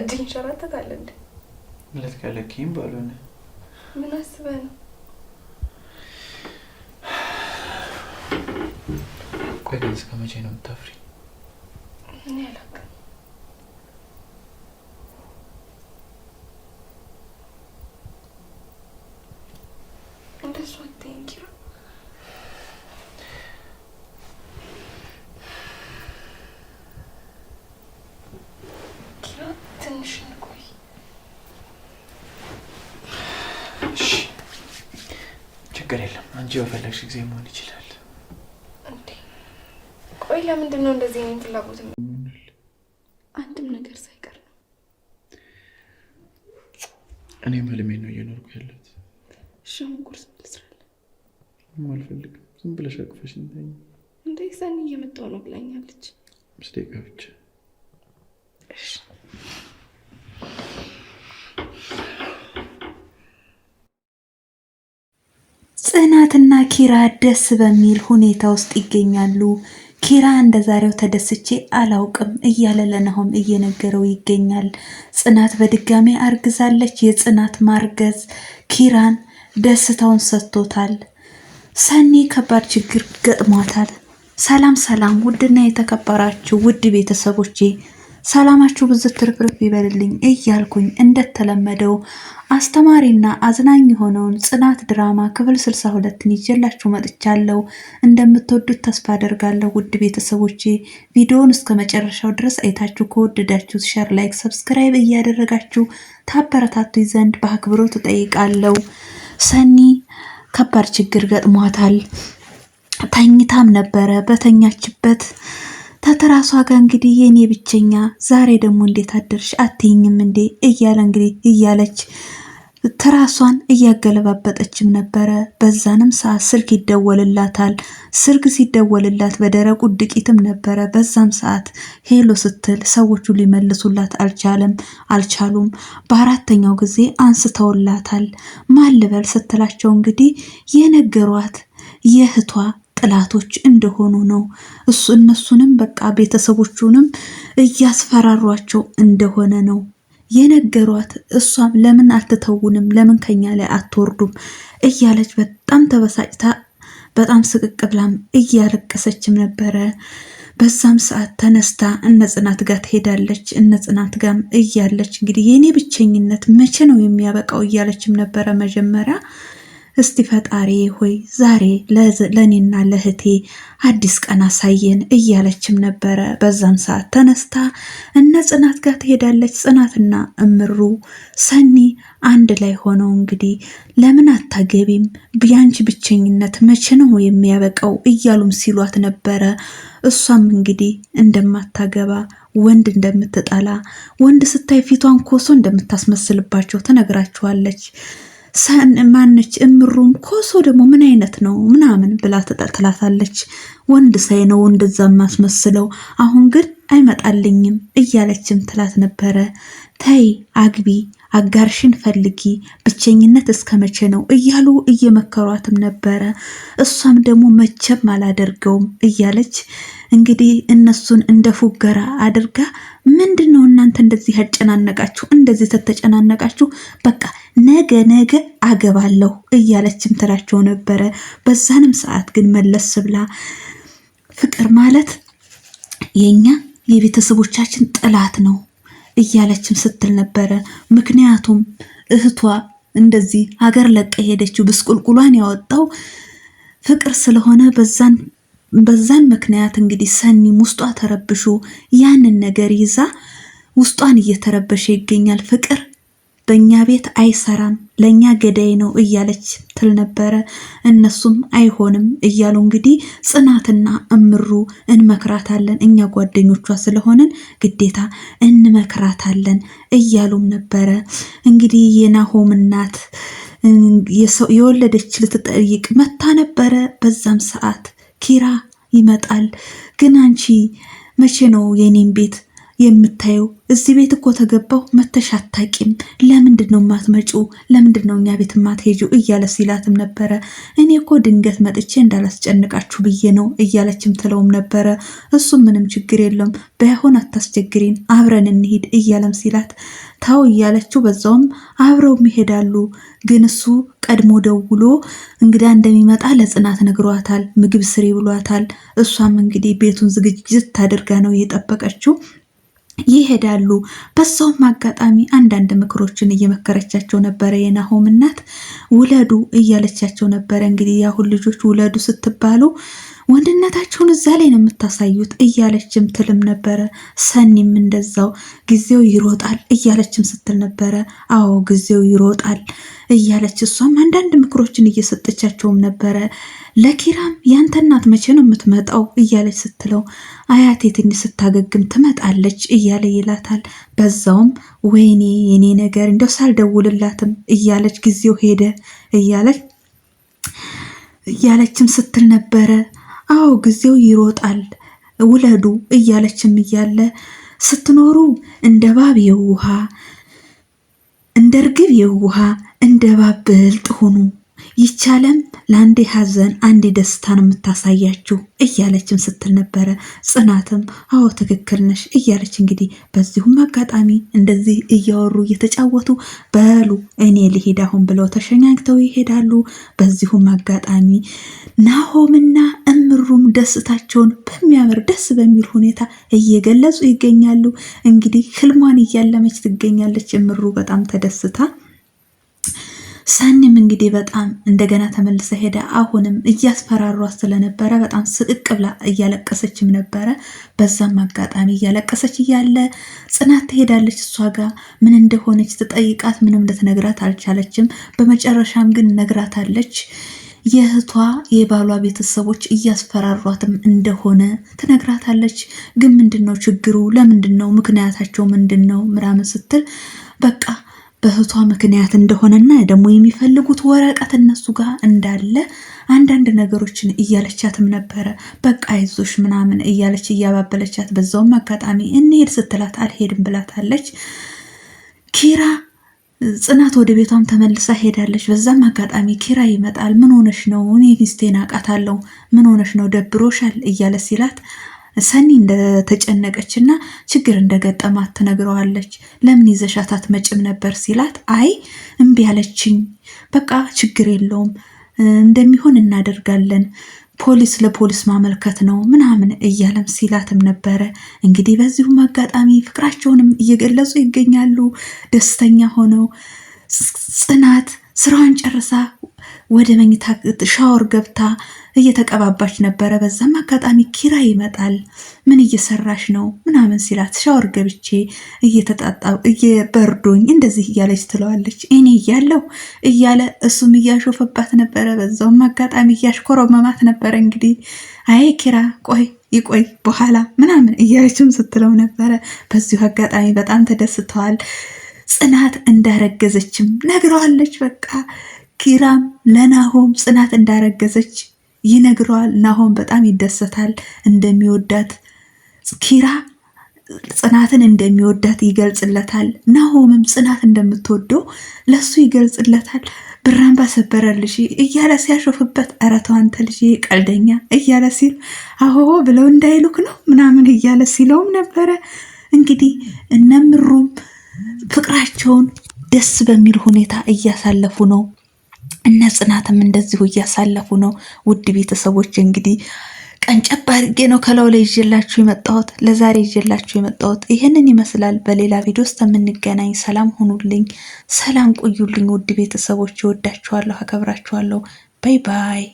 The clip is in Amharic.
እጅ ይንሸራተታል እንዴ? ከለኪም ባልሆነ ምን አስበ ነው? ቆይ ግን እስከ መቼ ነው የምታፍሪ? ምን አላውቅም። ትንሽ ችግር የለም። አንቺ በፈለግሽ ጊዜ መሆን ይችላል። ቆይ ለምንድን ነው እንደዚህ አይነት ፍላጎት? አንድም ነገር ሳይቀር ነው። እኔም ህልሜ ነው እየኖርኩ ያለሁት። እሺ፣ ቁርስ አልፈልግም። ዝም ብለሽ አቅፈሽ እንዴ፣ ሰኒ እየመጣሁ ነው ብላኛለች። እሺ ጽናትና ኪራ ደስ በሚል ሁኔታ ውስጥ ይገኛሉ። ኪራ እንደ ዛሬው ተደስቼ አላውቅም እያለ ለናሆም እየነገረው ይገኛል። ጽናት በድጋሚ አርግዛለች። የጽናት ማርገዝ ኪራን ደስታውን ሰጥቶታል። ሰኒ ከባድ ችግር ገጥሟታል። ሰላም ሰላም! ውድና የተከበራችሁ ውድ ቤተሰቦቼ ሰላማችሁ ብዝት ትርፍርፍ ይበልልኝ እያልኩኝ እንደተለመደው አስተማሪና አዝናኝ የሆነውን ጽናት ድራማ ክፍል 62 ሁለትን ይዤላችሁ መጥቻለሁ። እንደምትወዱት ተስፋ አደርጋለሁ ውድ ቤተሰቦቼ። ቪዲዮውን እስከ መጨረሻው ድረስ አይታችሁ ከወደዳችሁት ሸር፣ ላይክ፣ ሰብስክራይብ እያደረጋችሁ ታበረታቱኝ ዘንድ በአክብሮት እጠይቃለሁ። ሰኒ ከባድ ችግር ገጥሟታል። ተኝታም ነበረ በተኛችበት ተተራሷ ጋር እንግዲህ የኔ ብቸኛ ዛሬ ደግሞ እንዴት አደርሽ አትይኝም እንዴ እያለ እንግዲህ እያለች ትራሷን እያገለባበጠችም ነበረ። በዛንም ሰዓት ስልክ ይደወልላታል። ስልክ ሲደወልላት በደረቁ ድቂትም ነበረ። በዛም ሰዓት ሄሎ ስትል ሰዎቹ ሊመልሱላት አልቻለም አልቻሉም። በአራተኛው ጊዜ አንስተውላታል። ማን ልበል ስትላቸው እንግዲህ የነገሯት የእህቷ ጥላቶች እንደሆኑ ነው። እሱ እነሱንም በቃ ቤተሰቦቹንም እያስፈራሯቸው እንደሆነ ነው የነገሯት። እሷም ለምን አልተተውንም፣ ለምን ከኛ ላይ አትወርዱም እያለች በጣም ተበሳጭታ በጣም ስቅቅ ብላም እያለቀሰችም ነበረ። በዛም ሰዓት ተነስታ እነ ጽናት ጋር ትሄዳለች። እነ ጽናት እያለች እንግዲህ የእኔ ብቸኝነት መቼ ነው የሚያበቃው እያለችም ነበረ መጀመሪያ እስቲ ፈጣሪ ሆይ ዛሬ ለእኔና ለእህቴ አዲስ ቀን አሳየን እያለችም ነበረ። በዛም ሰዓት ተነስታ እነ ጽናት ጋር ትሄዳለች። ጽናትና እምሩ ሰኒ አንድ ላይ ሆነው እንግዲህ ለምን አታገቢም? ቢያንቺ ብቸኝነት መቼ ነው የሚያበቃው? እያሉም ሲሏት ነበረ። እሷም እንግዲህ እንደማታገባ ወንድ እንደምትጠላ ወንድ ስታይ ፊቷን ኮሶ እንደምታስመስልባቸው ትነግራችኋለች። ማነች እምሩም ኮሶ ደግሞ ምን አይነት ነው ምናምን ብላ ትላታለች። ወንድ ሳይ ነው እንደዛ ማስመስለው፣ አሁን ግን አይመጣልኝም እያለችም ትላት ነበረ። ተይ አግቢ አጋርሽን ፈልጊ፣ ብቸኝነት እስከ መቼ ነው እያሉ እየመከሯትም ነበረ። እሷም ደግሞ መቼም አላደርገውም እያለች እንግዲህ እነሱን እንደ ፉገራ አድርጋ ምንድን ነው እናንተ እንደዚህ ያጨናነቃችሁ፣ እንደዚህ ተተጨናነቃችሁ፣ በቃ ነገ ነገ አገባለሁ እያለችም ትላቸው ነበረ። በዛንም ሰዓት ግን መለስ ብላ ፍቅር ማለት የእኛ የቤተሰቦቻችን ጥላት ነው እያለችም ስትል ነበረ። ምክንያቱም እህቷ እንደዚህ ሀገር ለቀ ሄደችው ብስቁልቁሏን ያወጣው ፍቅር ስለሆነ በዛን በዛን ምክንያት እንግዲህ ሰኒም ውስጧ ተረብሾ ያንን ነገር ይዛ ውስጧን እየተረበሸ ይገኛል ፍቅር በእኛ ቤት አይሰራም፣ ለእኛ ገዳይ ነው እያለች ትል ነበረ። እነሱም አይሆንም እያሉ እንግዲህ ጽናትና እምሩ እንመክራታለን፣ እኛ ጓደኞቿ ስለሆንን ግዴታ እንመክራታለን እያሉም ነበረ። እንግዲህ የናሆም እናት የወለደች ልትጠይቅ መታ ነበረ። በዛም ሰዓት ኪራ ይመጣል። ግን አንቺ መቼ ነው የኔም ቤት የምታየው? እዚህ ቤት እኮ ተገባው መተሽ አታቂም። ለምንድን ነው ማትመጪው? ለምንድን ነው እኛ ቤት ማትሄጁ? እያለ ሲላትም ነበረ። እኔ እኮ ድንገት መጥቼ እንዳላስጨንቃችሁ ብዬ ነው እያለችም ትለውም ነበረ። እሱም ምንም ችግር የለውም ባይሆን አታስቸግሪን፣ አብረን እንሂድ እያለም ሲላት ታው እያለችው በዛውም አብረውም ይሄዳሉ። ግን እሱ ቀድሞ ደውሎ እንግዳ እንደሚመጣ ለጽናት ነግሯታል። ምግብ ስሪ ብሏታል። እሷም እንግዲህ ቤቱን ዝግጅት ታደርጋ ነው እየጠበቀችው ይሄዳሉ። በሰውም አጋጣሚ አንዳንድ ምክሮችን እየመከረቻቸው ነበረ። የናሆም እናት ውለዱ እያለቻቸው ነበረ። እንግዲህ ያሁን ልጆች ውለዱ ስትባሉ ወንድነታችሁን እዛ ላይ ነው የምታሳዩት እያለችም ትልም ነበረ። ሰኒም እንደዛው ጊዜው ይሮጣል እያለችም ስትል ነበረ። አዎ ጊዜው ይሮጣል እያለች እሷም አንዳንድ ምክሮችን እየሰጠቻቸውም ነበረ። ለኪራም ያንተ እናት መቼ ነው የምትመጣው እያለች ስትለው አያቴ ትንሽ ስታገግም ትመጣለች እያለ ይላታል። በዛውም ወይኔ የኔ ነገር እንደው ሳልደውልላትም እያለች ጊዜው ሄደ እያለች እያለችም ስትል ነበረ። አዎ ጊዜው ይሮጣል ውለዱ እያለችም እያለ ስትኖሩ እንደ ባብ የውሃ እንደ እርግብ የውሃ እንደ ባብ ብልጥ ሁኑ። ይቻለም ለአንዴ ሀዘን አንዴ ደስታን የምታሳያችሁ እያለችም ስትል ነበረ። ጽናትም አዎ ትክክል ነሽ እያለች እንግዲህ በዚሁም አጋጣሚ እንደዚህ እያወሩ እየተጫወቱ በሉ እኔ ልሄድ አሁን ብለው ተሸኛግተው ይሄዳሉ። በዚሁም አጋጣሚ ናሆምና እምሩም ደስታቸውን በሚያምር ደስ በሚል ሁኔታ እየገለጹ ይገኛሉ። እንግዲህ ህልሟን እያለመች ትገኛለች። እምሩ በጣም ተደስታ ሰኒም እንግዲህ በጣም እንደገና ተመልሰ ሄደ። አሁንም እያስፈራሯት ስለነበረ በጣም ስቅቅ ብላ እያለቀሰችም ነበረ። በዛም አጋጣሚ እያለቀሰች እያለ ጽናት ትሄዳለች። እሷ ጋር ምን እንደሆነች ትጠይቃት፣ ምንም ልትነግራት አልቻለችም። በመጨረሻም ግን ነግራታለች። የእህቷ የባሏ ቤተሰቦች እያስፈራሯትም እንደሆነ ትነግራታለች። ግን ምንድን ነው ችግሩ? ለምንድን ነው ምክንያታቸው ምንድን ነው ምናምን ስትል በቃ በእህቷ ምክንያት እንደሆነና ደግሞ የሚፈልጉት ወረቀት እነሱ ጋር እንዳለ አንዳንድ ነገሮችን እያለቻትም ነበረ። በቃ አይዞሽ ምናምን እያለች እያባበለቻት፣ በዛውም አጋጣሚ እንሄድ ስትላት አልሄድም ብላታለች ኪራ ጽናት ወደ ቤቷም ተመልሳ ሄዳለች። በዛም አጋጣሚ ኪራ ይመጣል። ምን ሆነሽ ነው? እኔ ሚስቴን አውቃታለሁ። ምን ሆነሽ ነው? ደብሮሻል እያለ ሲላት ሰኒ እንደተጨነቀች ችግር እንደገጠማት ትነግረዋለች። ለምን ይዘሻት አትመጭም ነበር ሲላት፣ አይ እምቢ አለችኝ፣ በቃ ችግር የለውም እንደሚሆን እናደርጋለን ፖሊስ ለፖሊስ ማመልከት ነው ምናምን እያለም ሲላትም ነበረ። እንግዲህ በዚሁም አጋጣሚ ፍቅራቸውንም እየገለጹ ይገኛሉ። ደስተኛ ሆነው ጽናት ስራዋን ጨርሳ ወደ መኝታ ሻወር ገብታ እየተቀባባች ነበረ። በዛም አጋጣሚ ኪራ ይመጣል። ምን እየሰራሽ ነው ምናምን ሲላት ሻወር ገብቼ እየተጣጣ እየበርዶኝ እንደዚህ እያለች ትለዋለች። እኔ እያለው እያለ እሱም እያሾፈባት ነበረ። በዛውም አጋጣሚ እያሽኮረመማት ነበረ። እንግዲህ አይ ኪራ ቆይ ይቆይ በኋላ ምናምን እያለችም ስትለው ነበረ። በዚሁ አጋጣሚ በጣም ተደስተዋል። ጽናት እንዳረገዘችም ነግረዋለች። በቃ ኪራም ለናሆም ጽናት እንዳረገዘች ይነግረዋል። ናሆም በጣም ይደሰታል። እንደሚወዳት ኪራ ጽናትን እንደሚወዳት ይገልጽለታል። ናሆምም ጽናት እንደምትወደው ለሱ ይገልጽለታል። ብራምባ ሰበረልሽ እያለ ሲያሾፍበት፣ ኧረ ተው አንተ ልጅ ቀልደኛ እያለ ሲል አሆሆ ብለው እንዳይሉክ ነው ምናምን እያለ ሲለውም ነበረ። እንግዲህ እነምሩም ፍቅራቸውን ደስ በሚል ሁኔታ እያሳለፉ ነው። እነ ጽናትም እንደዚሁ እያሳለፉ ነው። ውድ ቤተሰቦች እንግዲህ ቀንጨብ አድርጌ ነው ከላው ላይ ይዤላችሁ የመጣሁት ለዛሬ ይዤላችሁ የመጣሁት ይህንን ይመስላል። በሌላ ቪዲዮ ውስጥ የምንገናኝ። ሰላም ሁኑልኝ፣ ሰላም ቆዩልኝ። ውድ ቤተሰቦች እወዳችኋለሁ፣ አከብራችኋለሁ። ባይ ባይ